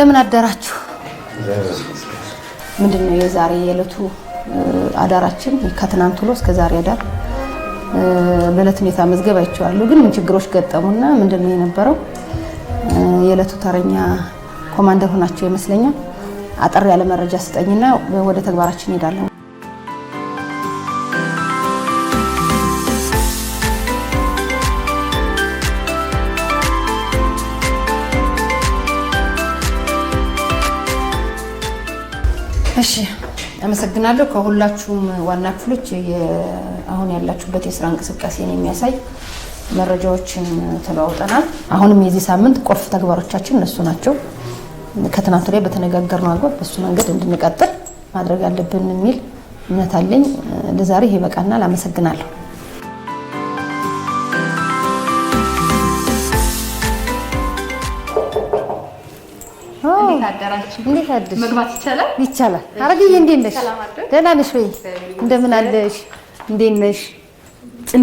እንደምን አደራችሁ። ምንድን ነው የዛሬ የዕለቱ አዳራችን ከትናንት ውሎ እስከ ዛሬ አዳር በዕለት ሁኔታ መዝገብ አይቼዋለሁ። ግን ምን ችግሮች ገጠሙና ምንድን ነው የነበረው? የዕለቱ ተረኛ ኮማንደር ሆናችሁ ይመስለኛል። አጠር ያለ መረጃ ስጠኝና ወደ ተግባራችን እንሄዳለን። አመሰግናለሁ። ከሁላችሁም ዋና ክፍሎች አሁን ያላችሁበት የስራ እንቅስቃሴን የሚያሳይ መረጃዎችን ተለዋውጠናል። አሁንም የዚህ ሳምንት ቁልፍ ተግባሮቻችን እነሱ ናቸው። ከትናንቱ ላይ በተነጋገርነው አግባብ በሱ መንገድ እንድንቀጥል ማድረግ አለብን የሚል እምነት አለኝ። ለዛሬ ይበቃናል። አመሰግናለሁ። እንዴት አደራችሁ? እንዴት መግባት ይቻላል? ይቻላል። አረግዬ እንዴት ነሽ? ደህና ነሽ ወይ? እንደምን አለሽ? እንዴት ነሽ?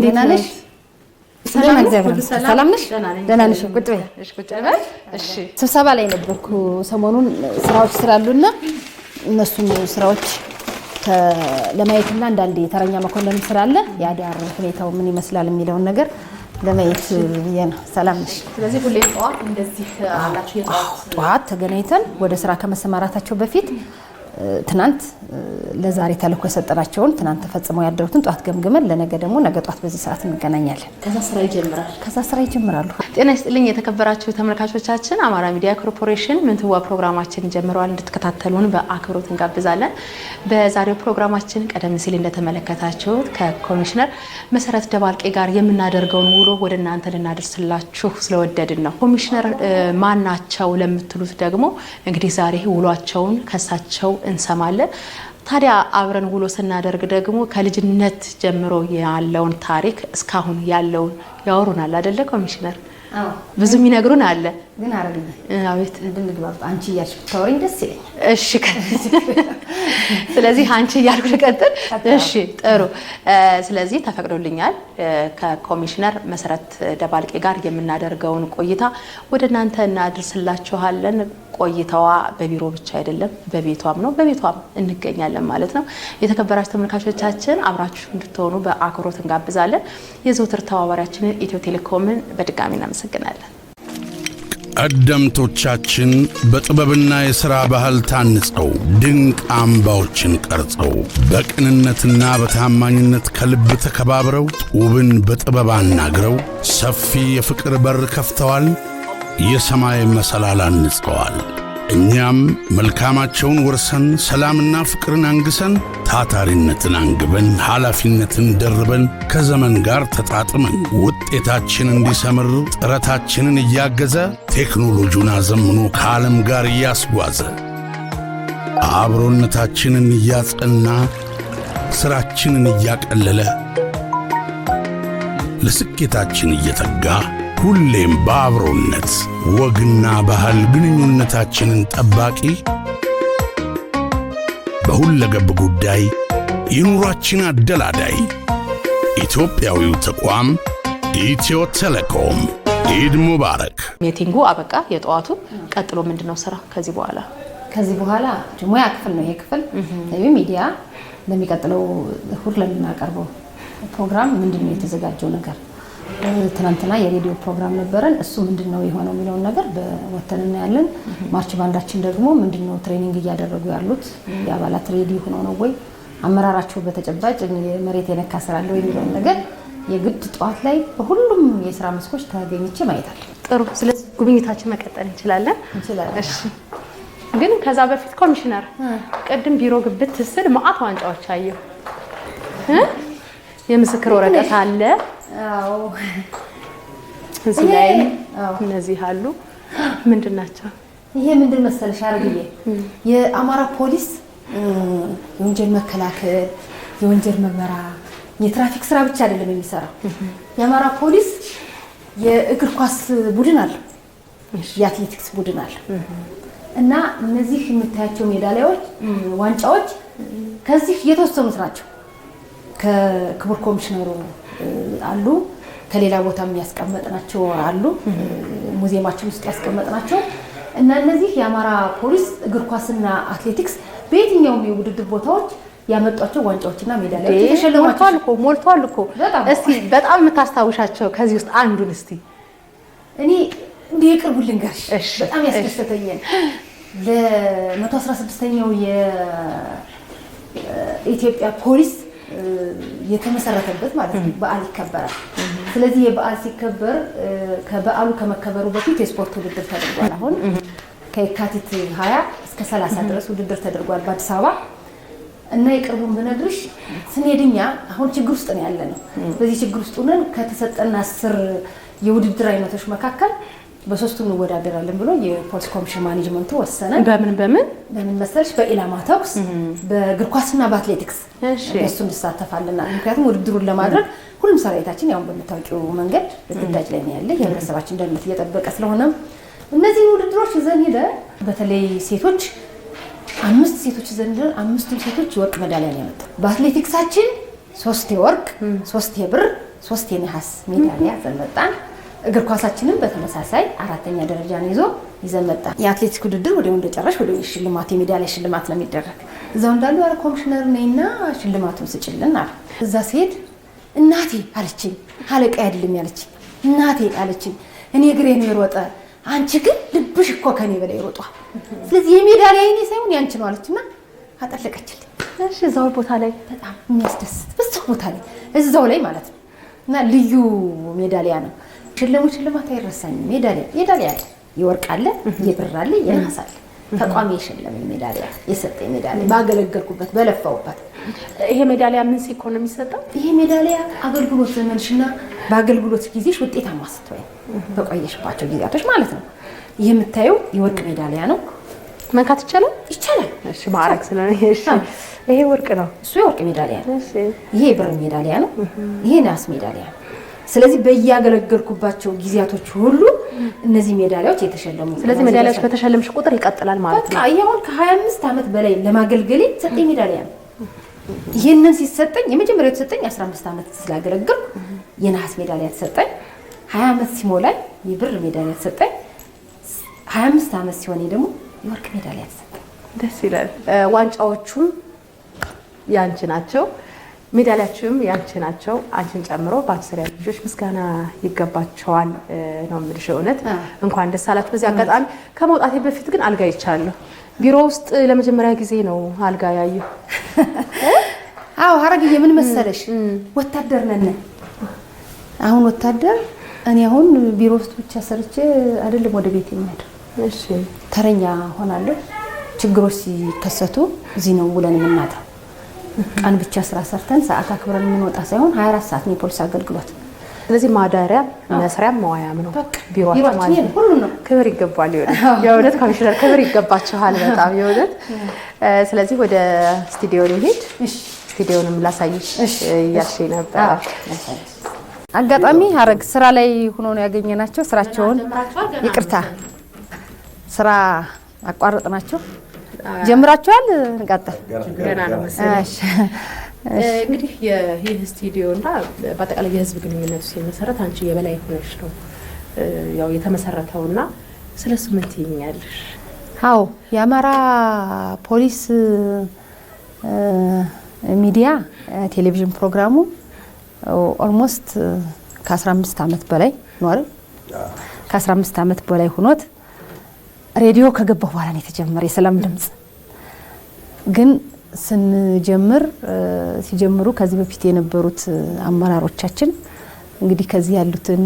ደህና ነሽ? ሰላም ነሽ? ደህና ነሽ? ቁጭ በይ። እሺ፣ ስብሰባ ላይ ነበርኩ ሰሞኑን ስራዎች ስላሉና እነሱን ስራዎች ለማየትና አንዳንድ የተረኛ መኮንን ስላለ የአዳር ሁኔታው ምን ይመስላል የሚለውን ነገር ለማየት ብዬ ነው። ሰላም ነሽ? ስለዚህ ሁሌም ጠዋት እንደዚህ አላችሁ? ጠዋት ተገናኝተን ወደ ስራ ከመሰማራታቸው በፊት ትናንት ለዛሬ ተልእኮ የሰጠናቸውን ትናንት ተፈጽመው ያደሩትን ጧት ገምግመን ለነገ ደግሞ ነገ ጧት በዚህ ሰዓት እንገናኛለን። ከዛ ስራ ይጀምራል ከዛ ስራ ይጀምራሉ። ጤና ይስጥልኝ የተከበራችሁ ተመልካቾቻችን፣ አማራ ሚዲያ ኮርፖሬሽን ምንትዋ ፕሮግራማችን ጀምረዋል። እንድትከታተሉን በአክብሮት እንጋብዛለን። በዛሬው ፕሮግራማችን ቀደም ሲል እንደተመለከታችሁት ከኮሚሽነር መሰረት ደባልቄ ጋር የምናደርገውን ውሎ ወደ እናንተ ልናደርስላችሁ ስለወደድን ነው። ኮሚሽነር ማናቸው ለምትሉት ደግሞ እንግዲህ ዛሬ ውሏቸውን ከሳቸው እንሰማለን። ታዲያ አብረን ውሎ ስናደርግ ደግሞ ከልጅነት ጀምሮ ያለውን ታሪክ እስካሁን ያለውን ያወሩናል አደለ ኮሚሽነር? ብዙ የሚነግሩን አለ። ግን አቤት እንድንግባባ አንቺ እያልሽ ብታወሪኝ ደስ ይለኛል። እሺ፣ ስለዚህ አንቺ እያልኩ ልቀጥል። እሺ፣ ጥሩ። ስለዚህ ተፈቅዶልኛል ከኮሚሽነር መሰረት ደባልቄ ጋር የምናደርገውን ቆይታ ወደ እናንተ እናድርስላችኋለን። ቆይታዋ በቢሮ ብቻ አይደለም፣ በቤቷም ነው በቤቷም እንገኛለን ማለት ነው። የተከበራችሁ ተመልካቾቻችን አብራችሁ እንድትሆኑ በአክብሮት እንጋብዛለን። የዘውትር ተባባሪያችንን ኢትዮ ቴሌኮምን በድጋሚ እናመሰግናለን። ቀደምቶቻችን በጥበብና የሥራ ባህል ታንጸው ድንቅ አምባዎችን ቀርጸው በቅንነትና በታማኝነት ከልብ ተከባብረው ውብን በጥበብ አናግረው ሰፊ የፍቅር በር ከፍተዋል። የሰማይ መሰላል አንጸዋል። እኛም መልካማቸውን ወርሰን ሰላምና ፍቅርን አንግሰን ታታሪነትን አንግበን ኃላፊነትን ደርበን ከዘመን ጋር ተጣጥመን ውጤታችን እንዲሰምር ጥረታችንን እያገዘ ቴክኖሎጂውን አዘምኖ ከዓለም ጋር እያስጓዘ አብሮነታችንን እያጸና ሥራችንን እያቀለለ ለስኬታችን እየተጋ ሁሌም በአብሮነት ወግና ባህል ግንኙነታችንን ጠባቂ በሁለገብ ጉዳይ የኑሯችን አደላዳይ ኢትዮጵያዊው ተቋም ኢትዮ ቴሌኮም። ኢድ ሙባረክ። ሜቲንጉ አበቃ። የጠዋቱ ቀጥሎ ምንድን ነው ስራ ከዚህ በኋላ? ከዚህ በኋላ ሙያ ክፍል ነው ይሄ ክፍል ሚዲያ ለሚቀጥለው እሁድ ለምናቀርበው ፕሮግራም ምንድን ነው የተዘጋጀው ነገር ትናንትና የሬዲዮ ፕሮግራም ነበረን። እሱ ምንድን ነው የሆነው የሚለውን ነገር በወተን እናያለን። ማርች ባንዳችን ደግሞ ምንድን ነው ትሬኒንግ እያደረጉ ያሉት የአባላት ሬዲ ሆኖ ነው ወይ አመራራቸው በተጨባጭ መሬት የነካ ስራ አለው የሚለውን ነገር የግድ ጠዋት ላይ በሁሉም የስራ መስኮች ተገኝቼ ማየት አለ። ጥሩ። ስለዚህ ጉብኝታችን መቀጠል እንችላለን እንችላለን። እሺ ግን ከዛ በፊት ኮሚሽነር ቅድም ቢሮ ግብት ስል ማአት ዋንጫዎች አየሁ። የምስክር ወረቀት አለ እዚህ ላይ እነዚህ አሉ። ምንድን ናቸው? ይሄ ምንድን መሰለሽ አረግዬ የአማራ ፖሊስ የወንጀል መከላከል፣ የወንጀል ምርመራ፣ የትራፊክ ስራ ብቻ አይደለም የሚሰራው። የአማራ ፖሊስ የእግር ኳስ ቡድን አለ፣ የአትሌቲክስ ቡድን አለ እና እነዚህ የምታያቸው ሜዳሊያዎች፣ ዋንጫዎች ከዚህ የተወሰኑት ናቸው ከክቡር ኮሚሽነሩ አሉ። ከሌላ ቦታም ያስቀመጥናቸው አሉ፣ ሙዚየማችን ውስጥ ያስቀመጥናቸው እና እነዚህ የአማራ ፖሊስ እግር ኳስና አትሌቲክስ በየትኛውም የውድድር ቦታዎች ያመጧቸው ዋንጫዎችና ሜዳሊያዎች የተሸለሟቸው እኮ ሞልቷል እኮ። እስቲ በጣም የምታስታውሻቸው ከዚህ ውስጥ አንዱን እስቲ እኔ እንዲህ የቅርቡ ልንገርሽ፣ በጣም ያስደሰተኛል። ለ116ኛው የኢትዮጵያ ፖሊስ የተመሰረተበት ማለት ነው በዓል ይከበራል። ስለዚህ የበዓል ሲከበር ከበዓሉ ከመከበሩ በፊት የስፖርት ውድድር ተደርጓል። አሁን ከየካቲት 20 እስከ 30 ድረስ ውድድር ተደርጓል በአዲስ አበባ እና የቅርቡን ብነግርሽ ስንሄድኛ አሁን ችግር ውስጥ ነው ያለ ነው። በዚህ ችግር ውስጥ ሆነን ከተሰጠን አስር የውድድር አይነቶች መካከል በሶስቱ እንወዳደራለን ብሎ የፖሊስ ኮሚሽን ማኔጅመንቱ ወሰነ። በምን በምን በምን መሰለሽ? በኢላማ ተኩስ፣ በእግር ኳስና በአትሌቲክስ እሱ እንሳተፋልና ምክንያቱም ውድድሩን ለማድረግ ሁሉም ሰራዊታችን ያሁን በምታውቂው መንገድ ግዳጅ ላይ ያለ የህብረተሰባችን ደህንነት እየጠበቀ ስለሆነ እነዚህ ውድድሮች ይዘን ሄደ። በተለይ ሴቶች አምስት ሴቶች ይዘን ሄደን አምስቱም ሴቶች ወርቅ ሜዳሊያ ነው ያመጣው። በአትሌቲክሳችን ሶስት የወርቅ ሶስት የብር ሶስት የነሐስ ሜዳሊያ ዘንበጣን እግር ኳሳችንም በተመሳሳይ አራተኛ ደረጃን ይዞ ይዘን የአትሌቲክ ውድድር ወደ እንደጨረሽ ወደ ሽልማት የሜዳሊያ ሽልማት ነው የሚደረግ። እዛው እንዳሉ አረ ኮሚሽነር ነይና ሽልማቱን ስጭልን አለ። እዛ ስሄድ እናቴ አለችኝ፣ አለቃ አይደለም ያለችኝ እናቴ አለችኝ። እኔ እግሬ ነው የሮጠ፣ አንቺ ግን ልብሽ እኮ ከኔ በላይ ሮጧል። ስለዚህ የሜዳሊያ የኔ ሳይሆን ያንቺ ነው አለችና አጠለቀችልኝ። እሺ እዛው ቦታ ላይ በጣም የሚያስደስት በዛው ቦታ ላይ እዛው ላይ ማለት ነው እና ልዩ ሜዳሊያ ነው ሽልሙ ሽልማት አይረሳኝም። ሜዳሊያ ሜዳሊያ አለ፣ የወርቅ አለ፣ የብር አለ፣ የነሐስ አለ። ተቋሚ የሸለመኝ ሜዳሊያ የሰጠኝ ሜዳሊያ ባገለገልኩበት በለፋውበት። ይሄ ሜዳሊያ ምን ሲኮን ነው የሚሰጠው? ይሄ ሜዳሊያ አገልግሎት ዘመንሽና በአገልግሎት ጊዜሽ ውጤታማ ስትሆኝ በቆየሽባቸው ጊዜያቶች ማለት ነው። የምታየው የወርቅ ሜዳሊያ ነው። መንካት ይቻላል ይቻላል። እሺ ማረግ ስለዚህ እሺ፣ ይሄ ወርቅ ነው። እሱ የወርቅ ሜዳሊያ ነው። ይሄ የብር ሜዳሊያ ነው። ይሄ ነሐስ ሜዳሊያ ነው። ስለዚህ በያገለገልኩባቸው ጊዜያቶች ሁሉ እነዚህ ሜዳሊያዎች የተሸለሙ። ስለዚህ ሜዳሊያዎች በተሸለምሽ ቁጥር ይቀጥላል ማለት ነው። ይሄ ከ25 ዓመት በላይ ለማገልገሌ የተሰጠኝ ሜዳሊያ ነው። ይህንን ሲሰጠኝ የመጀመሪያው የተሰጠኝ 15 ዓመት ስላገለገልኩ የነሐስ ሜዳሊያ ተሰጠኝ። 20 ዓመት ሲሞላኝ የብር ሜዳሊያ ተሰጠኝ። 25 ዓመት ሲሆን ደግሞ የወርቅ ሜዳሊያ ተሰጠኝ። ደስ ይላል። ዋንጫዎቹም ያንቺ ናቸው። ሜዳሊያችሁም ያንቺ ናቸው። አንቺን ጨምሮ በአስር ያሉ ልጆች ምስጋና ይገባቸዋል ነው የምልሽ። እውነት እንኳን ደስ አላችሁ። በዚህ አጋጣሚ ከመውጣቴ በፊት ግን አልጋ ይቻለሁ። ቢሮ ውስጥ ለመጀመሪያ ጊዜ ነው አልጋ ያየሁ። አዎ ሀረግዬ ምን መሰለሽ ወታደር ነን አሁን ወታደር እኔ አሁን ቢሮ ውስጥ ብቻ ሰርቼ አይደለም ወደ ቤት የሚሄድ ተረኛ ሆናለሁ። ችግሮች ሲከሰቱ እዚህ ነው ውለን የምናድረው። ቀን ብቻ ስራ ሰርተን ሰዓት አክብረን የምንወጣ ሳይሆን 24 ሰዓት ነው የፖሊስ አገልግሎት። ስለዚህ ማደሪያ መስሪያም መዋያም ነው ቢሮ ነው። ክብር ይገባል። የእውነት ኮሚሽነር ክብር ይገባችኋል በጣም የእውነት። ስለዚህ ወደ ስቱዲዮ ሄድ ስቱዲዮንም ላሳይሽ እያልሽ ነበር። አጋጣሚ ሀረግ ስራ ላይ ሆኖ ነው ያገኘናቸው። ስራቸውን ይቅርታ ስራ ናቸው። ጀምራችኋል? እንቀጥል። ገና ነው መሰለኝ። እንግዲህ ይህ ስቱዲዮ እና በአጠቃላይ የህዝብ ግንኙነቱ ሲመሰረት አንቺ የበላይ ሆነሽ ነው ያው የተመሰረተው እና ስለ እሱ ምን ትይኛለሽ? አዎ የአማራ ፖሊስ ሚዲያ ቴሌቪዥን ፕሮግራሙ ኦልሞስት ከ15 ዓመት በላይ ኖረ። ከ15 ዓመት በላይ ሆኖት ሬዲዮ ከገባሁ በኋላ ነው የተጀመረ የሰላም ድምፅ። ግን ስንጀምር ሲጀምሩ ከዚህ በፊት የነበሩት አመራሮቻችን እንግዲህ ከዚህ ያሉትን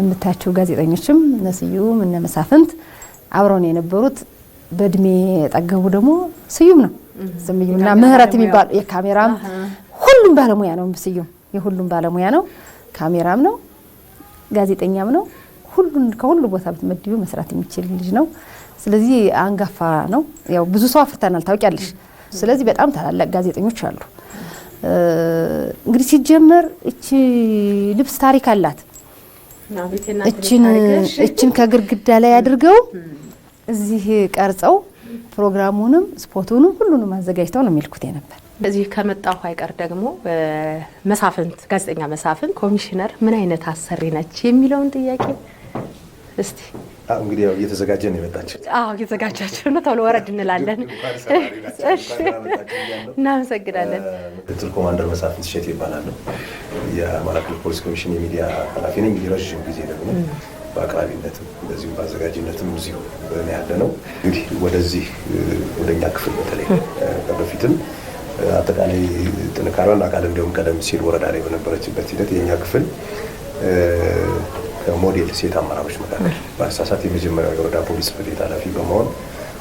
የምታያቸው ጋዜጠኞችም እነ ስዩም እነ መሳፍንት አብረውን የነበሩት በእድሜ የጠገቡ ደግሞ ስዩም ነው እና ምህረት የሚባሉ የካሜራም ሁሉም ባለሙያ ነው። ስዩም የሁሉም ባለሙያ ነው። ካሜራም ነው፣ ጋዜጠኛም ነው። ሁሉን ከሁሉ ቦታ ብትመድቢው መስራት የሚችል ልጅ ነው። ስለዚህ አንጋፋ ነው። ያው ብዙ ሰው አፍርተናል ታውቂያለሽ። ስለዚህ በጣም ታላላቅ ጋዜጠኞች አሉ። እንግዲህ ሲጀመር እቺ ልብስ ታሪክ አላት። እችን ከግርግዳ ላይ አድርገው እዚህ ቀርጸው ፕሮግራሙንም ስፖቱንም ሁሉንም አዘጋጅተው ነው የሚልኩት ነበር። እዚህ ከመጣሁ አይቀር ደግሞ መሳፍንት ጋዜጠኛ መሳፍንት ኮሚሽነር ምን አይነት አሰሪ ነች የሚለውን ጥያቄ እስቲ እንግዲህ ያው እየተዘጋጀ ነው የመጣችው። አዎ እየተዘጋጃችሁ ነው። ቶሎ ወረድ እንላለን። እናመሰግናለን። ምክትል ኮማንደር መሳፍንት እሸቴ ይባላሉ። የአማራ ክልል ፖሊስ ኮሚሽን የሚዲያ ኃላፊ ነኝ። እንግዲህ ረዥም ጊዜ ደግሞ በአቅራቢነትም እንደዚሁም በአዘጋጅነትም እዚሁ ያለ ነው። እንግዲህ ወደዚህ ወደኛ ክፍል በተለይ በፊትም አጠቃላይ ጥንካሬዋን አቃል እንዲሁም ቀደም ሲል ወረዳ ላይ በነበረችበት ሂደት የኛ ክፍል ከሞዴል ሴት አመራሮች መካከል በአሳሳት የመጀመሪያው የወረዳ ፖሊስ ጽሕፈት ቤት ኃላፊ በመሆን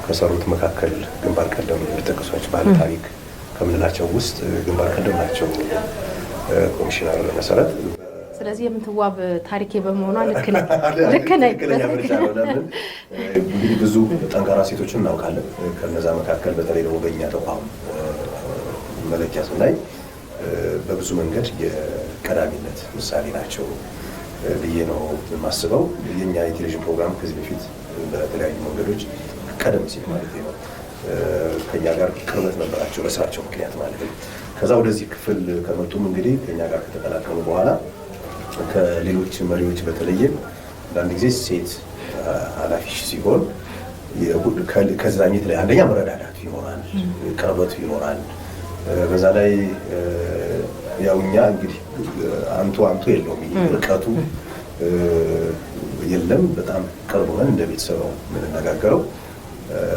ከሰሩት መካከል ግንባር ቀደም የሚጠቀሱ ናቸው። ባህል ታሪክ ከምንላቸው ውስጥ ግንባር ቀደም ናቸው። ኮሚሽነር መሰረት ስለዚህ የምትዋብ ታሪኬ በመሆኗ ልክ ነኝ ብዙ ጠንካራ ሴቶችን እናውቃለን። ከነዛ መካከል በተለይ ደግሞ በእኛ ተቋም መለኪያ ስናይ በብዙ መንገድ የቀዳሚነት ምሳሌ ናቸው። ብዬ ነው የማስበው። የኛ የቴሌቪዥን ፕሮግራም ከዚህ በፊት በተለያዩ መንገዶች ቀደም ሲል ማለት ነው ከኛ ጋር ቅርበት ነበራቸው በስራቸው ምክንያት ማለት ነው። ከዛ ወደዚህ ክፍል ከመጡም እንግዲህ ከኛ ጋር ከተቀላቀሉ በኋላ ከሌሎች መሪዎች በተለየ አንዳንድ ጊዜ ሴት ኃላፊ ሲሆን ከዛኝት ላይ አንደኛ መረዳዳቱ ይኖራል፣ ቅርበቱ ይኖራል። በዛ ላይ ያው እኛ እንግዲህ አንቱ አንቱ የለውም ርቀቱ የለም። በጣም ቅርብ ሆነን እንደ ቤተሰብ ነው የምንነጋገረው።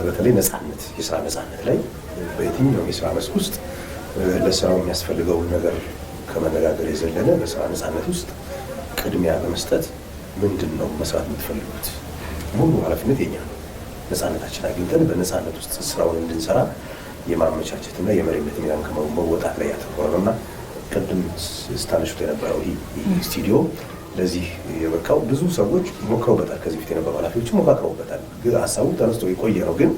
በተለይ ነፃነት፣ የስራ ነፃነት ላይ በየትኛው የስራ መስክ ውስጥ ለስራው የሚያስፈልገውን ነገር ከመነጋገር የዘለለ በስራ ነፃነት ውስጥ ቅድሚያ በመስጠት ምንድን ነው መስራት የምትፈልጉት፣ ሙሉ ኃላፊነት የኛ ነው። ነፃነታችን አግኝተን በነፃነት ውስጥ ስራውን እንድንሰራ የማመቻቸትና የመሪነት ሚናን ከመወጣት ላይ ያተኮረ ነውና ቅድም ስታነሹት የነበረው ይህ ስቱዲዮ ለዚህ የበቃው ብዙ ሰዎች ሞክረውበታል። ከዚህ በፊት የነበሩ ኃላፊዎች ሞካክረውበታል። ሀሳቡ ተነስቶ የቆየ ነው። ግን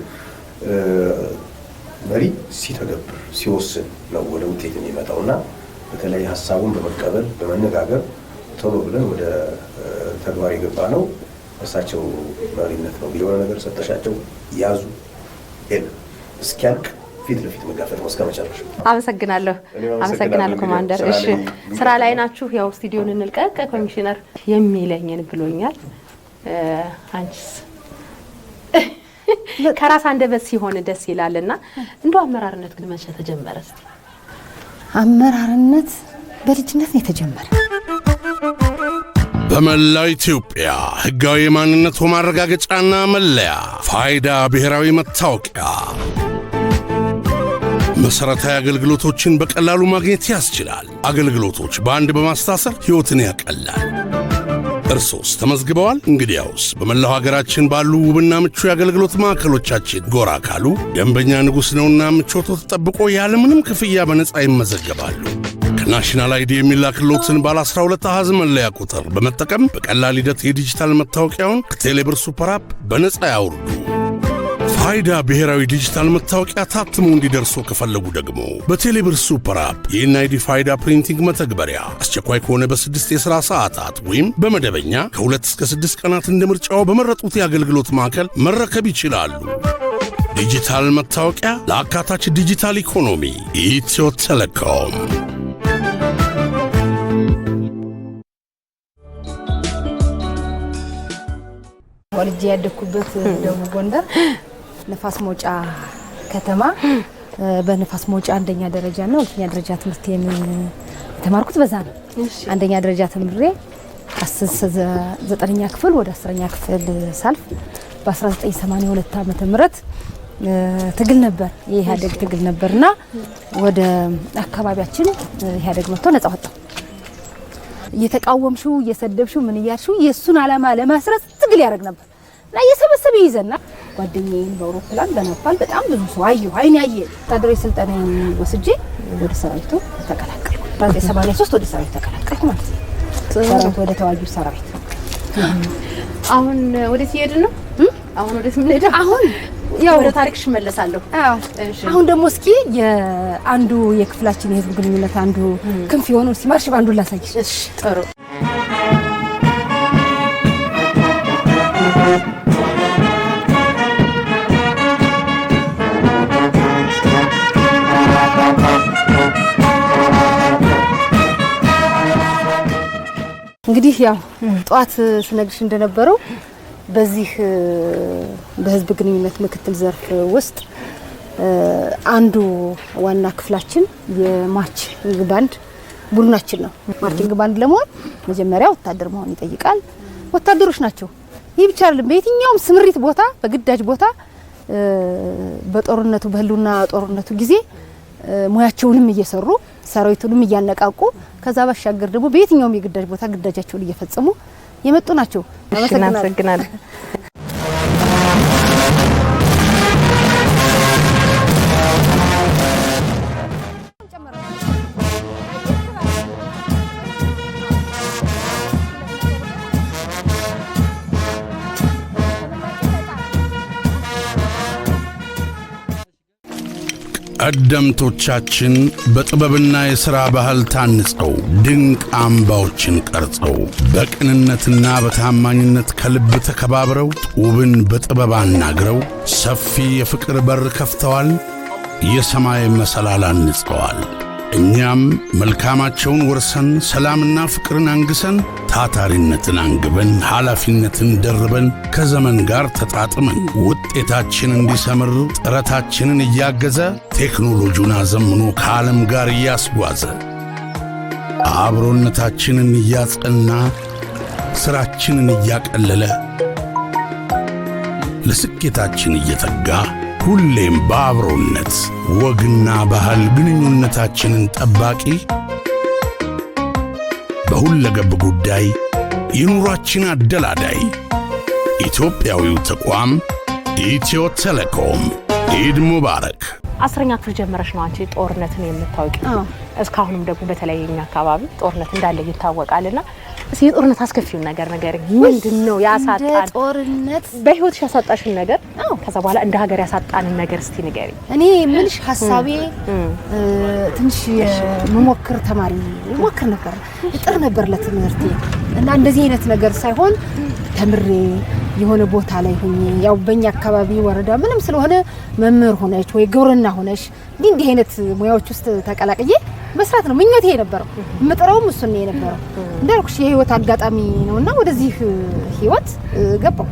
መሪ ሲተገብር ሲወስን ነው ወደ ውጤት የሚመጣው እና በተለይ ሀሳቡን በመቀበል በመነጋገር ቶሎ ብለን ወደ ተግባር የገባ ነው። እሳቸው መሪነት ነው የሆነ ነገር ሰጠሻቸው ያዙ ል እስኪያልቅ ፊት ለፊት መጋፈጥ ነው አመሰግናለሁ ኮማንደር። እሺ ስራ ላይ ናችሁ። ያው ስቱዲዮን እንልቀቅ፣ ኮሚሽነር የሚለኝን ብሎኛል። አንቺስ ከራስ አንደበት ሲሆን ደስ ይላል እና እንደ አመራርነት ግን መቼ ተጀመረ? አመራርነት በልጅነት ነው የተጀመረ። በመላው ኢትዮጵያ ህጋዊ የማንነት ማረጋገጫና መለያ ፋይዳ ብሔራዊ መታወቂያ መሠረታዊ አገልግሎቶችን በቀላሉ ማግኘት ያስችላል። አገልግሎቶች በአንድ በማስታሰር ሕይወትን ያቀላል። እርሶስ ተመዝግበዋል? እንግዲያውስ በመላው ሀገራችን ባሉ ውብና ምቹ የአገልግሎት ማዕከሎቻችን ጎራ ካሉ ደንበኛ ንጉሥ ነውና ምቾቶ ተጠብቆ ያለምንም ክፍያ በነፃ ይመዘገባሉ። ከናሽናል አይዲ የሚላክልዎትን ባለ 12 አሃዝ መለያ ቁጥር በመጠቀም በቀላል ሂደት የዲጂታል መታወቂያውን ከቴሌብር ሱፐር አፕ በነፃ ያውርዱ። ፋይዳ ብሔራዊ ዲጂታል መታወቂያ ታትሞ እንዲደርሶ ከፈለጉ ደግሞ በቴሌብር ሱፐር አፕ የኤንአይዲ ፋይዳ ፕሪንቲንግ መተግበሪያ አስቸኳይ ከሆነ በስድስት የሥራ ሰዓታት ወይም በመደበኛ ከሁለት እስከ ስድስት ቀናት እንደ ምርጫው በመረጡት የአገልግሎት ማዕከል መረከብ ይችላሉ። ዲጂታል መታወቂያ ለአካታች ዲጂታል ኢኮኖሚ ኢትዮ ቴሌኮም። ወልጄ ያደግኩበት ደቡብ ጎንደር ነፋስ መውጫ ከተማ በነፋስ መውጫ አንደኛ ደረጃ እና ሁለተኛ ደረጃ ትምህርት የተማርኩት በዛ ነው። አንደኛ ደረጃ ተምሬ ዘጠነኛ ክፍል ወደ አስረኛ ክፍል ሳልፍ በ1982 ዓመተ ምህረት ትግል ነበር፣ የኢህአዴግ ትግል ነበርና ወደ አካባቢያችን ኢህአዴግ መጥቶ ነጻ ወጣ። እየተቃወምሽው፣ እየሰደብሽው፣ ምን እያልሽው የእሱን አላማ ለማስረጽ ትግል ያደርግ ነበር እና እየሰበሰበ ይዘና ጓደኛዬን በአውሮፕላን በነፓል በጣም ብዙ ሰው አየሁ። አይን ያየ ወታደራዊ ስልጠና ወስጄ ወደ ሰራዊቱ ተቀላቀልኩ። ሰማንያ ሶስት ወደ ሰራዊት ተቀላቀልኩ ማለት ነው። ሰራዊት ወደ ተዋጊው ሰራዊት። አሁን ወደ እየሄድን ነው? አሁን ወደ የምንሄደው? አሁን ያው ወደ ታሪክሽ እመለሳለሁ። አሁን ደግሞ እስኪ የአንዱ የክፍላችን የህዝብ ግንኙነት አንዱ ክንፍ የሆኑ ሲማርሽ በአንዱ ላሳይሽ። ጥሩ እንግዲህ ያው ጠዋት ስነግርሽ እንደነበረው በዚህ በህዝብ ግንኙነት ምክትል ዘርፍ ውስጥ አንዱ ዋና ክፍላችን የማርቺንግ ባንድ ቡድናችን ነው። ማርቺንግ ባንድ ለመሆን መጀመሪያ ወታደር መሆን ይጠይቃል። ወታደሮች ናቸው። ይህ ብቻ አይደለም። በየትኛውም ስምሪት ቦታ፣ በግዳጅ ቦታ፣ በጦርነቱ በህልውና ጦርነቱ ጊዜ ሙያቸውንም እየሰሩ ሰራዊቱንም እያነቃቁ ከዛ ባሻገር ደግሞ በየትኛውም የግዳጅ ቦታ ግዳጃቸውን እየፈጸሙ የመጡ ናቸው። አመሰግናለሁ። ቀደምቶቻችን በጥበብና የሥራ ባህል ታንጸው ድንቅ አምባዎችን ቀርጸው በቅንነትና በታማኝነት ከልብ ተከባብረው ውብን በጥበብ አናግረው ሰፊ የፍቅር በር ከፍተዋል። የሰማይ መሰላል አንጸዋል። እኛም መልካማቸውን ወርሰን ሰላምና ፍቅርን አንግሰን ታታሪነትን አንግበን ኃላፊነትን ደርበን ከዘመን ጋር ተጣጥመን ውጤታችን እንዲሰምር ጥረታችንን እያገዘ ቴክኖሎጂውን አዘምኖ ከዓለም ጋር እያስጓዘ አብሮነታችንን እያጸና ሥራችንን እያቀለለ ለስኬታችን እየተጋ ሁሌም በአብሮነት ወግና ባህል ግንኙነታችንን ጠባቂ በሁለገብ ጉዳይ የኑሯችን አደላዳይ ኢትዮጵያዊው ተቋም ኢትዮ ቴሌኮም ኢድ ሙባረክ። አስረኛ ክፍል ጀመረች ነው አንቺ ጦርነትን የምታውቂ እስካሁንም ደግሞ በተለያየኛ አካባቢ ጦርነት እንዳለ ይታወቃልና እስኪ የጦርነት አስከፊውን ነገር ነገር ምንድን ነው ያሳጣን? ጦርነት በህይወትሽ ያሳጣሽን ነገር ከዛ በኋላ እንደ ሀገር ያሳጣንን ነገር እስቲ ንገሪ። እኔ ምንሽ ሀሳቤ ትንሽ መሞክር ተማሪ ሞክር ነበር ጥር ነበር ለትምህርቴ እና እንደዚህ አይነት ነገር ሳይሆን ተምሬ የሆነ ቦታ ላይ ሆኜ ያው በእኛ አካባቢ ወረዳ ምንም ስለሆነ መምህር ሆነች ወይ ግብርና ሆነች እንዲህ እንዲህ አይነት ሙያዎች ውስጥ ተቀላቅዬ መስራት ነው ምኞቴ የነበረው። የምጥረውም እሱ ነው የነበረው። እንዳልኩሽ የህይወት አጋጣሚ ነውና ወደዚህ ህይወት ገባው።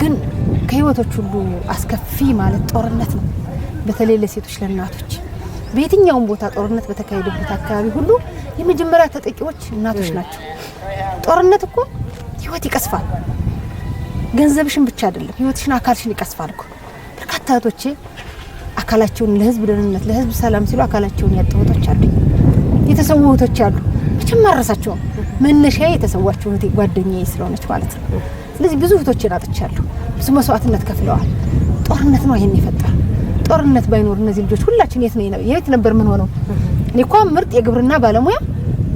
ግን ከህይወቶች ሁሉ አስከፊ ማለት ጦርነት ነው። በተለይ ለሴቶች ለእናቶች በየትኛውም ቦታ ጦርነት በተካሄደበት አካባቢ ሁሉ የመጀመሪያ ተጠቂዎች እናቶች ናቸው። ጦርነት እኮ ህይወት ይቀስፋል። ገንዘብሽን ብቻ አይደለም ህይወትሽን፣ አካልሽን ይቀስፋል እኮ በርካታ እህቶቼ አካላቸውን ለህዝብ ደህንነት ለህዝብ ሰላም ሲሉ አካላቸውን ያጡ እህቶች አሉ፣ የተሰዉ እህቶች አሉ። መቼም አረሳቸውም። መነሻ የተሰዋቸው እህቴ ጓደኛዬ ስለሆነች ማለት ነው። ስለዚህ ብዙ እህቶችን አጥቻለሁ። ብዙ መስዋዕትነት ከፍለዋል። ጦርነት ነው ይሄን የፈጠረ። ጦርነት ባይኖር እነዚህ ልጆች ሁላችን የት ነው የት ነበር ምን ሆነው? እኔ እኮ ምርጥ የግብርና ባለሙያ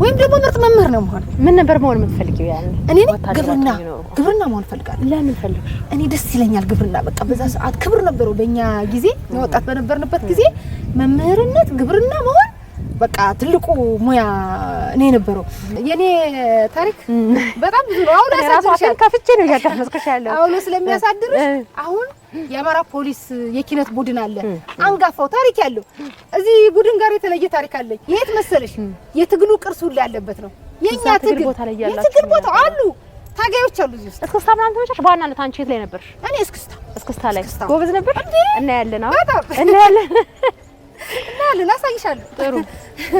ወይም ደግሞ ምርጥ መምህር ነው መሆን። ምን ነበር መሆን የምትፈልጊው? ያለ እኔ ግብርና ግብርና መሆን ፈልጋለሁ። ለምን ፈልግሽ? እኔ ደስ ይለኛል ግብርና። በቃ በዛ ሰዓት ክብር ነበረው በእኛ ጊዜ፣ ወጣት በነበርንበት ጊዜ መምህርነት፣ ግብርና መሆን በቃ ትልቁ ሙያ እኔ ነበረው። የኔ ታሪክ በጣም ብዙ ነው። አሁን ያሳድርሻል ከፍቼ ነው እያዳመስኩሽ ያለው አሁን ስለሚያሳድርሽ። አሁን የአማራ ፖሊስ የኪነት ቡድን አለ፣ አንጋፋው ታሪክ ያለው። እዚህ ቡድን ጋር የተለየ ታሪክ አለ። የት መሰለሽ? የትግሉ ቅርሱ ላይ ያለበት ነው የኛ ትግል ቦታ ላይ ያላችሁ የትግል ቦታ አሉ ታገዮች አሉ እዚህ ውስጥ። እስክስታ ምናምን ተመቻች። በዋናነት አንቺ የት ላይ ነበርሽ? እኔ እስክስታ እስክስታ ላይ ጎበዝ ነበር። እናያለን እናያለን እናያለን፣ አሳይሻለሁ። ጥሩ።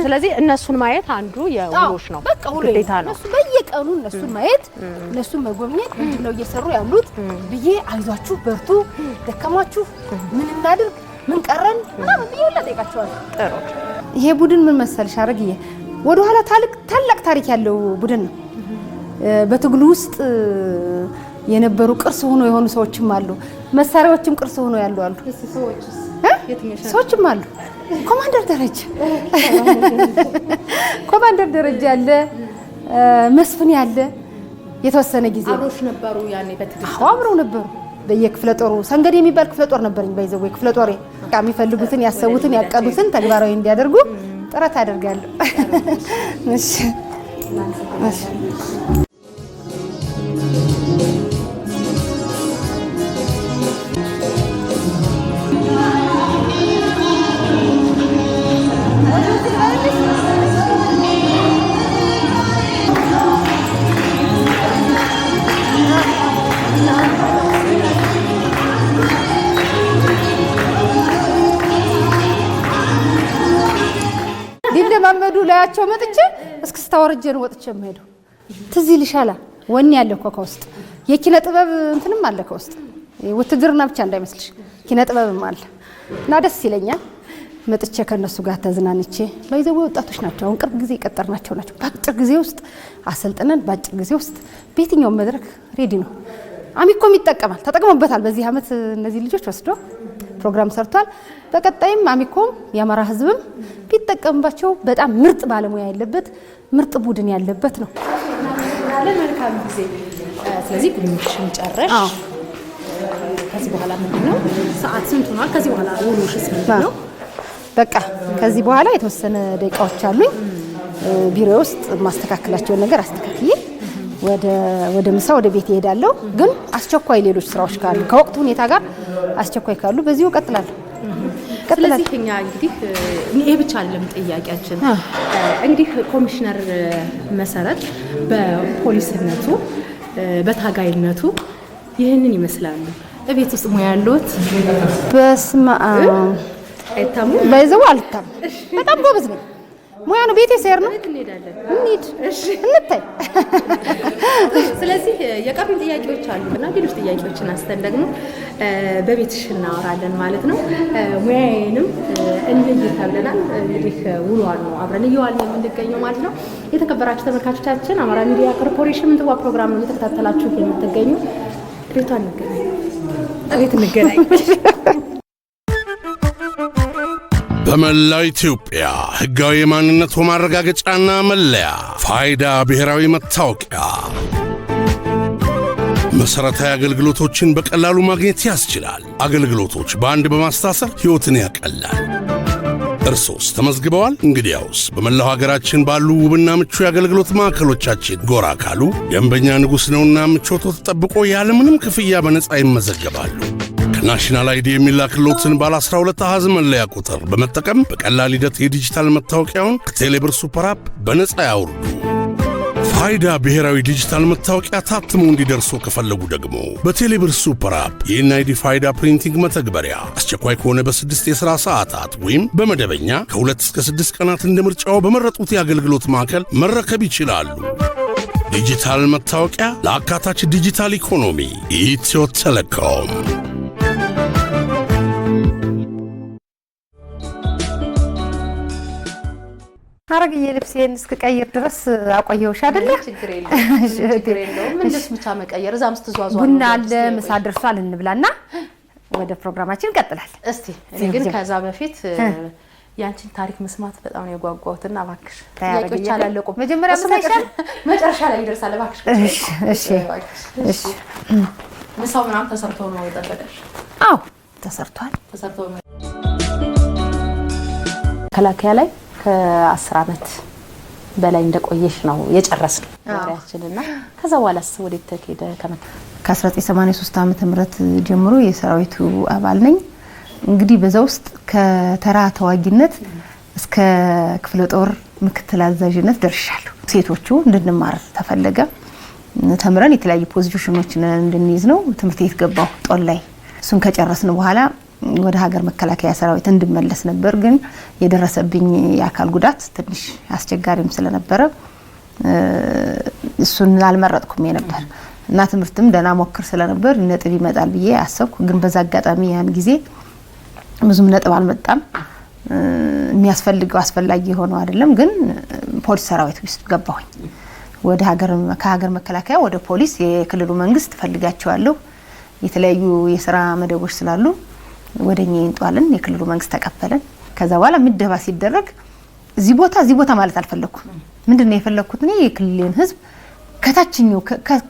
ስለዚህ እነሱን ማየት አንዱ የውሎሽ ነው፣ ግዴታ ነው። በየቀኑ እነሱን ማየት፣ እነሱን መጎብኘት፣ ምንድን ነው እየሰሩ ያሉት ብዬ አይዟችሁ፣ በርቱ፣ ደከማችሁ፣ ምን እናድርግ፣ ምን ቀረን ምናምን ብዬ ሁላ ጠይቃቸዋለሁ። ጥሩ። ይሄ ቡድን ምን መሰልሽ አረግዬ፣ ወደኋላ ታላቅ ታሪክ ያለው ቡድን ነው በትግሉ ውስጥ የነበሩ ቅርስ ሆኖ የሆኑ ሰዎችም አሉ። መሳሪያዎችም ቅርስ ሆኖ ያሉ አሉ። ሰዎችም አሉ። ኮማንደር ኮማንደር ያለ መስፍን ያለ የተወሰነ ጊዜ አብሮሽ ነበሩ። አብረው ነበሩ። በየክፍለ ጦሩ ሰንገድ የሚባል ክፍለ ጦር ነበረኝ። ባይዘው ክፍለ የሚፈልጉትን ያሰቡትን ያቀዱትን ተግባራዊ እንዲያደርጉ ጥረት አደርጋለሁ። ሊለማመዱ ላያቸው መጥቼ እስክስታ ወርጄ ነው ወጥቼ የምሄደው። ትዝ ይልሻላ ወኔ ያለ እኮ ከውስጥ የኪነ ጥበብ እንትንም አለ ከውስጥ ውትድርና ብቻ እንዳይመስልሽ ኪነ ጥበብም አለ እና ደስ ይለኛል። መጥቼ ከእነሱ ጋር ተዝናንቼ ባይዘው ወጣቶች ናቸው። አሁን ቅርብ ጊዜ የቀጠርናቸው ናቸው። በአጭር ጊዜ ውስጥ አሰልጥነን በአጭር ጊዜ ውስጥ በየትኛውም መድረክ ሬዲ ነው። አሚኮም ይጠቀማል፣ ተጠቅሞበታል። በዚህ አመት እነዚህ ልጆች ወስዶ ፕሮግራም ሰርቷል። በቀጣይም አሚኮም የአማራ ህዝብም ቢጠቀምባቸው በጣም ምርጥ ባለሙያ ያለበት ምርጥ ቡድን ያለበት ነው። መልካም ጊዜ። ስለዚህ ጉድኝሽን ጨረሽ ከዚህ በኋላ ምንድን ነው? ሰዓት ስንት ሆኗል? ከዚህ በኋላ ውሎሽስ ምንድን ነው? በቃ ከዚህ በኋላ የተወሰነ ደቂቃዎች አሉኝ ቢሮ ውስጥ የማስተካክላቸውን ነገር አስተካክዬ ወደ ምሳ ወደ ቤት እሄዳለሁ። ግን አስቸኳይ ሌሎች ስራዎች ካሉ ከወቅቱ ሁኔታ ጋር አስቸኳይ ካሉ በዚሁ ቀጥላል። ስለዚህ እኛ እንግዲህ ይሄ ብቻ አይደለም ጥያቄያችን። እንግዲህ ኮሚሽነር መሰረት በፖሊስነቱ በታጋይነቱ ይህንን ይመስላሉ። እቤት ውስጥ ሙያ ያለዎት በስማ አይታሙ ባይዘው አልታም በጣም ጎበዝ ነው። ሙያ ነው። ቤቴ ስሄድ ነው። እንሂድ እንታይ። ስለዚህ የቀሩን ጥያቄዎች አሉ እና ሌሎች ጥያቄዎችን አንስተን ደግሞ በቤትሽ እናወራለን ማለት ነው። ሙያዬንም እንይ ተብለናል። እንግዲህ ውሏል ነው አብረን እየዋልን የምንገኘው ማለት ነው። የተከበራችሁ ተመልካቾቻችን አማራ ሚዲያ ኮርፖሬሽን ምንትዋ ፕሮግራም ነው እየተከታተላችሁ የምትገኙ ቤቷ እንገናኝ ቤት እንገናኝ በመላው ኢትዮጵያ ሕጋዊ የማንነት ማረጋገጫና መለያ ፋይዳ ብሔራዊ መታወቂያ መሠረታዊ አገልግሎቶችን በቀላሉ ማግኘት ያስችላል። አገልግሎቶች በአንድ በማስታሰር ሕይወትን ያቀላል። እርሶስ ተመዝግበዋል? እንግዲያውስ በመላው ሀገራችን ባሉ ውብና ምቹ የአገልግሎት ማዕከሎቻችን ጎራ ካሉ ደንበኛ ንጉሥ ነውና ምቾቶ ተጠብቆ ያለምንም ክፍያ በነፃ ይመዘገባሉ። ከናሽናል አይዲ የሚላክሎትን ባለ 12 አሃዝ መለያ ቁጥር በመጠቀም በቀላል ሂደት የዲጂታል መታወቂያውን ከቴሌብር ሱፐር አፕ በነፃ ያውርዱ። ፋይዳ ብሔራዊ ዲጂታል መታወቂያ ታትሞ እንዲደርሶ ከፈለጉ ደግሞ በቴሌብር ሱፐር አፕ የኤንአይዲ ፋይዳ ፕሪንቲንግ መተግበሪያ አስቸኳይ ከሆነ በስድስት የሥራ ሰዓታት ወይም በመደበኛ ከሁለት እስከ ስድስት ቀናት እንደ ምርጫው በመረጡት የአገልግሎት ማዕከል መረከብ ይችላሉ። ዲጂታል መታወቂያ ለአካታች ዲጂታል ኢኮኖሚ ኢትዮ ቴሌኮም አረግዬ ልብሴን እስክቀይር ድረስ አቆየውሽ አደለ? አይደለ? መቀየር እዛም ስትዟዟ ቡና አለ ምሳ ደርሷል፣ እንብላና ወደ ፕሮግራማችን እንቀጥላለን። እስቲ እኔ ግን ከዛ በፊት ያንቺን ታሪክ መስማት በጣም ነው የጓጓሁት እና እባክሽ ጥያቄዎች አላለቁም። መጀመሪያ መጨረሻ ላይ ይደርሳል። እባክሽ ምሳው ምናምን ተሰርቶ ነው የጠበቀሽ? አዎ ተሰርቷል። ተሰርቶ መከላከያ ላይ ከአስር ዓመት በላይ እንደቆየሽ ነው የጨረስነው ና ከዛ ስ ወደ ተሄደ? ከ1983 ዓመተ ምህረት ጀምሮ የሰራዊቱ አባል ነኝ። እንግዲህ በዛ ውስጥ ከተራ ተዋጊነት እስከ ክፍለ ጦር ምክትል አዛዥነት ደርሻለሁ። ሴቶቹ እንድንማር ተፈለገ። ተምረን የተለያዩ ፖዚሽኖችን እንድንይዝ ነው ትምህርት ቤት ገባሁ ጦር ላይ። እሱን ከጨረስን በኋላ ወደ ሀገር መከላከያ ሰራዊት እንድመለስ ነበር። ግን የደረሰብኝ የአካል ጉዳት ትንሽ አስቸጋሪም ስለነበረ እሱን አልመረጥኩም ነበር እና ትምህርትም ደህና ሞክር ስለነበር ነጥብ ይመጣል ብዬ አሰብኩ። ግን በዛ አጋጣሚ ያን ጊዜ ብዙም ነጥብ አልመጣም። የሚያስፈልገው አስፈላጊ የሆነው አይደለም። ግን ፖሊስ ሰራዊት ውስጥ ገባሁኝ። ወደ ሀገር ከሀገር መከላከያ ወደ ፖሊስ የክልሉ መንግስት ፈልጋቸዋለሁ የተለያዩ የስራ መደቦች ስላሉ ወደኛ ይንጧልን የክልሉ መንግስት ተቀበለን። ከዛ በኋላ ምደባ ሲደረግ እዚህ ቦታ እዚህ ቦታ ማለት አልፈለኩም። ምንድነው የፈለግኩት እኔ የክልሌን ህዝብ ከታችኛው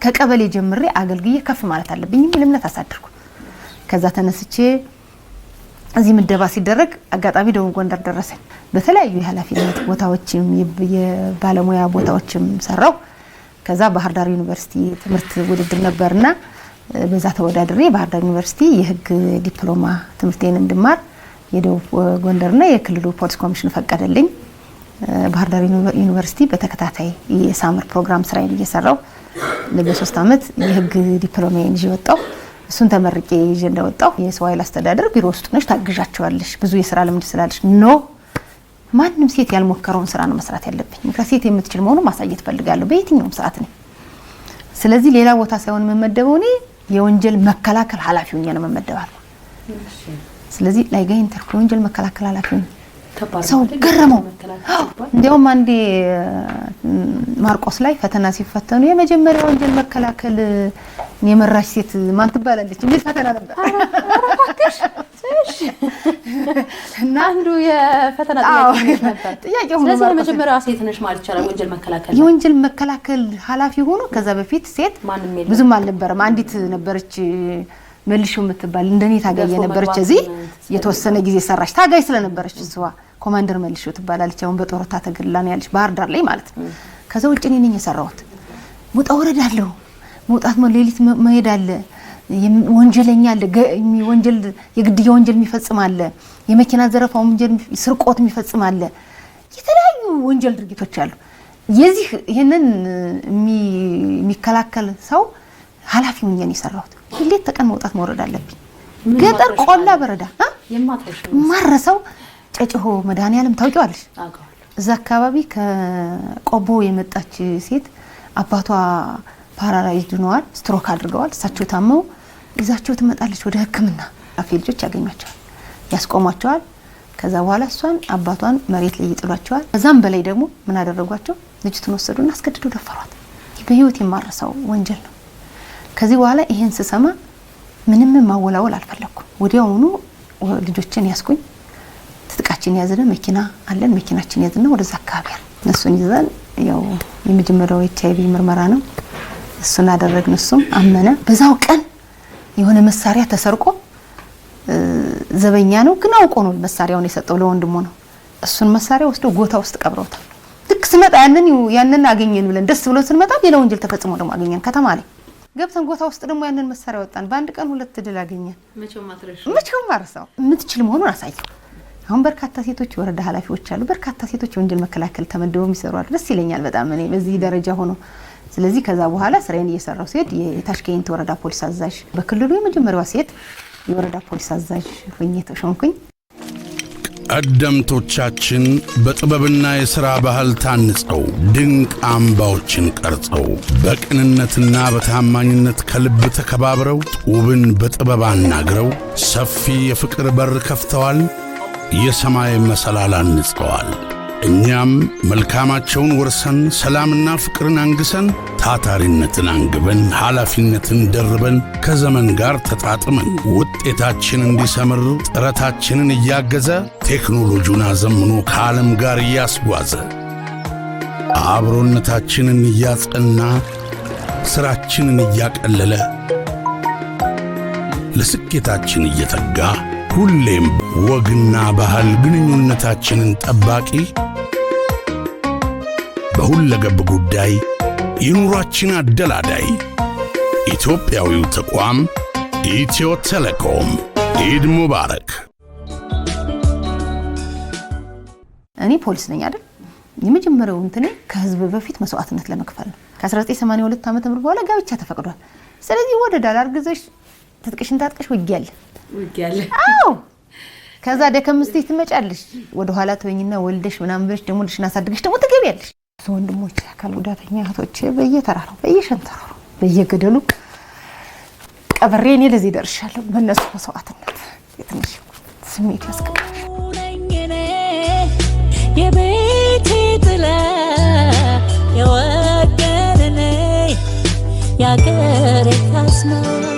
ከቀበሌ ጀምሬ አገልግዬ ከፍ ማለት አለብኝ የሚል እምነት አሳድርኩ። ከዛ ተነስቼ እዚህ ምደባ ሲደረግ አጋጣሚ ደቡብ ጎንደር ደረሰኝ። በተለያዩ የኃላፊነት ቦታዎችም የባለሙያ ቦታዎችም ሰራው። ከዛ ባህር ዳር ዩኒቨርሲቲ ትምህርት ውድድር ነበርና በዛ ተወዳድሬ ባህር ዳር ዩኒቨርሲቲ የህግ ዲፕሎማ ትምህርቴን እንድማር የደቡብ ጎንደርና የክልሉ ፖሊስ ኮሚሽን ፈቀደልኝ። ባህር ዳር ዩኒቨርሲቲ በተከታታይ የሳምር ፕሮግራም ስራዬን እየሰራው ለሶስት አመት የህግ ዲፕሎማዬን ይዤ ወጣሁ። እሱን ተመርቄ ይዤ እንደወጣሁ የሰው ኃይል አስተዳደር ቢሮ ውስጥ ነሽ ታግዣቸዋለሽ፣ ብዙ የስራ ልምድ ስላለሽ። ኖ ማንም ሴት ያልሞከረውን ስራ ነው መስራት ያለብኝ። ምክንያት ሴት የምትችል መሆኑ ማሳየት ፈልጋለሁ በየትኛውም ሰዓት ነው። ስለዚህ ሌላ ቦታ ሳይሆን የምመደበው እኔ የወንጀል መከላከል ኃላፊ ሆኜ ነው መመደባለሁ። ስለዚህ ላይጋይንተር የወንጀል መከላከል ኃላፊ ሰው ገረመው። እንዲያውም አንዴ ማርቆስ ላይ ፈተና ሲፈተኑ የመጀመሪያ ወንጀል መከላከል የመራሽ ሴት ማን ትባላለች የሚል ፈተና ነበር አንዱ የፈተና ጥያቄ ሆኖ ስለዚህ የመጀመሪያ ሴት ነሽ ማለት ይቻላል ወንጀል መከላከል የወንጀል መከላከል ኃላፊ ሆኖ ከዛ በፊት ሴት ብዙም አልነበረም። አንዲት ነበረች መልሾ የምትባል እንደኔ ታጋይ የነበረች እዚህ የተወሰነ ጊዜ ሰራች። ታጋይ ስለነበረች እሷ ኮማንደር መልሾ ትባላለች። አሁን በጦርታ ተገድላ ነው ያለች ባህር ዳር ላይ ማለት ነው። ከዛ ውጭ እኔ ነኝ የሰራሁት። ውጣ ወረድ አለው፣ መውጣት ሌሊት መሄድ አለ፣ ወንጀለኛ አለ፣ ወንጀል የግድያ ወንጀል የሚፈጽም አለ፣ የመኪና ዘረፋ ወንጀል፣ ስርቆት የሚፈጽም አለ፣ የተለያዩ ወንጀል ድርጊቶች አሉ። የዚህ ይህንን የሚከላከል ሰው ኃላፊ ሁኜ ነው የሰራሁት። ሌት ተቀን መውጣት መውረድ አለብኝ። ገጠር ቆላ በረዳ ማረሰው ጨጭሆ መድኃኒዓለም ታውቂዋለሽ? እዛ አካባቢ ከቆቦ የመጣች ሴት አባቷ ፓራላይዝድ ሆነዋል፣ ስትሮክ አድርገዋል። እሳቸው ታመው ይዛቸው ትመጣለች ወደ ሕክምና አፌ ልጆች ያገኟቸዋል፣ ያስቆሟቸዋል። ከዛ በኋላ እሷን አባቷን መሬት ላይ ይጥሏቸዋል። ከዛም በላይ ደግሞ ምን አደረጓቸው? ልጅቱን ወሰዱና አስገድዶ ደፈሯት። በህይወት የማረሰው ወንጀል ነው። ከዚህ በኋላ ይሄን ስሰማ ምንም ማወላወል አልፈለግኩም። ወዲያውኑ ልጆችን ያስኩኝ፣ ትጥቃችን ያዝነ፣ መኪና አለን፣ መኪናችን ያዝነ፣ ወደዛ አካባቢ ያል እነሱን ይዘን ያው የመጀመሪያው ኤች አይቪ ምርመራ ነው። እሱን አደረግን። እሱም አመነ። በዛው ቀን የሆነ መሳሪያ ተሰርቆ ዘበኛ ነው ግን አውቆ ነው መሳሪያውን የሰጠው ለወንድሙ ነው። እሱን መሳሪያ ወስዶ ጎታ ውስጥ ቀብረውታል። ልክ ስመጣ ያንን ያንን አገኘን ብለን ደስ ብሎ ስንመጣ ሌላ ወንጀል ተፈጽሞ ደግሞ አገኘን ከተማ ላይ ገብተን ቦታ ውስጥ ደግሞ ያንን መሳሪያ ወጣን። በአንድ ቀን ሁለት ድል አገኘን። መቼም ማረሳው የምትችል መሆኑን አሳየው። አሁን በርካታ ሴቶች የወረዳ ኃላፊዎች አሉ። በርካታ ሴቶች ወንጀል መከላከል ተመድበው የሚሰሩ አሉ። ደስ ይለኛል በጣም እኔ በዚህ ደረጃ ሆኖ ስለዚህ ከዛ በኋላ ስራዬን እየሰራው ሲሄድ የታሽከንት ወረዳ ፖሊስ አዛዥ፣ በክልሉ የመጀመሪያዋ ሴት የወረዳ ፖሊስ አዛዥ ሆኜ ተሾምኩኝ። ቀደምቶቻችን በጥበብና የሥራ ባህል ታንጸው ድንቅ አምባዎችን ቀርጸው በቅንነትና በታማኝነት ከልብ ተከባብረው ውብን በጥበብ አናግረው ሰፊ የፍቅር በር ከፍተዋል፣ የሰማይ መሰላል አንጸዋል። እኛም መልካማቸውን ወርሰን ሰላምና ፍቅርን አንግሰን ታታሪነትን አንግበን ኃላፊነትን ደርበን ከዘመን ጋር ተጣጥመን ውጤታችን እንዲሰምር ጥረታችንን እያገዘ ቴክኖሎጂን አዘምኖ ከዓለም ጋር እያስጓዘ አብሮነታችንን እያጸና ሥራችንን እያቀለለ ለስኬታችን እየተጋ ሁሌም ወግና ባህል ግንኙነታችንን ጠባቂ በሁለገብ ጉዳይ የኑሯችን አደላዳይ ኢትዮጵያዊው ተቋም ኢትዮ ቴሌኮም። ኢድ ሙባረክ። እኔ ፖሊስ ነኝ አይደል? የመጀመሪያው እንትኔ ከህዝብ በፊት መስዋዕትነት ለመክፈል ነው። ከ1982 ዓ ም በኋላ ጋብቻ ተፈቅዷል። ስለዚህ ወደ ዳላር ግዘሽ ትጥቅሽን ታጥቀሽ ውጊያለ ውጊያለ። አዎ ከዛ ደከም ስትይ ትመጫለሽ። ኋላ ተወኝና ወልደሽ ምናምን ብለሽ ደግሞ ልሽን አሳድገሽ ደግሞ ትገቢያለሽ። ወንድሞች አካል ጉዳተኛ እህቶች በየተራራው በየሸንተረሩ በየገደሉ ቀብሬ እኔ ለዚህ ደርሻለሁ። በእነሱ መስዋዕትነት የትንሽ ስሜት ያስገባል። የቤቴ ጥላ የወገን ነይ ያገሬ ካስማ